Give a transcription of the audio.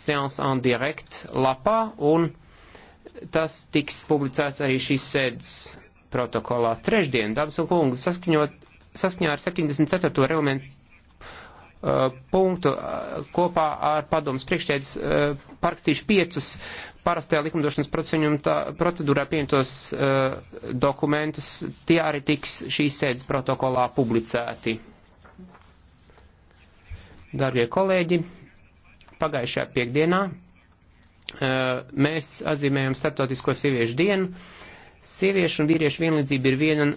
Seance en Direct lapā, un tas tiks publicēts arī šīs sēdes protokolā. Trešdien, dāmas un kungi, saskaņā ar 74. reglamentu uh, punktu uh, kopā ar padomus priekšsēdus uh, parakstīšu piecus parastajā likumdošanas procedūrā pieņemtos uh, dokumentus. Tie arī tiks šīs sēdes protokolā publicēti. Darbie kolēģi! Pagājušajā piekdienā eh, mēs atzīmējam Startautisko sieviešu dienu. Sieviešu un vīriešu vienlīdzība ir viena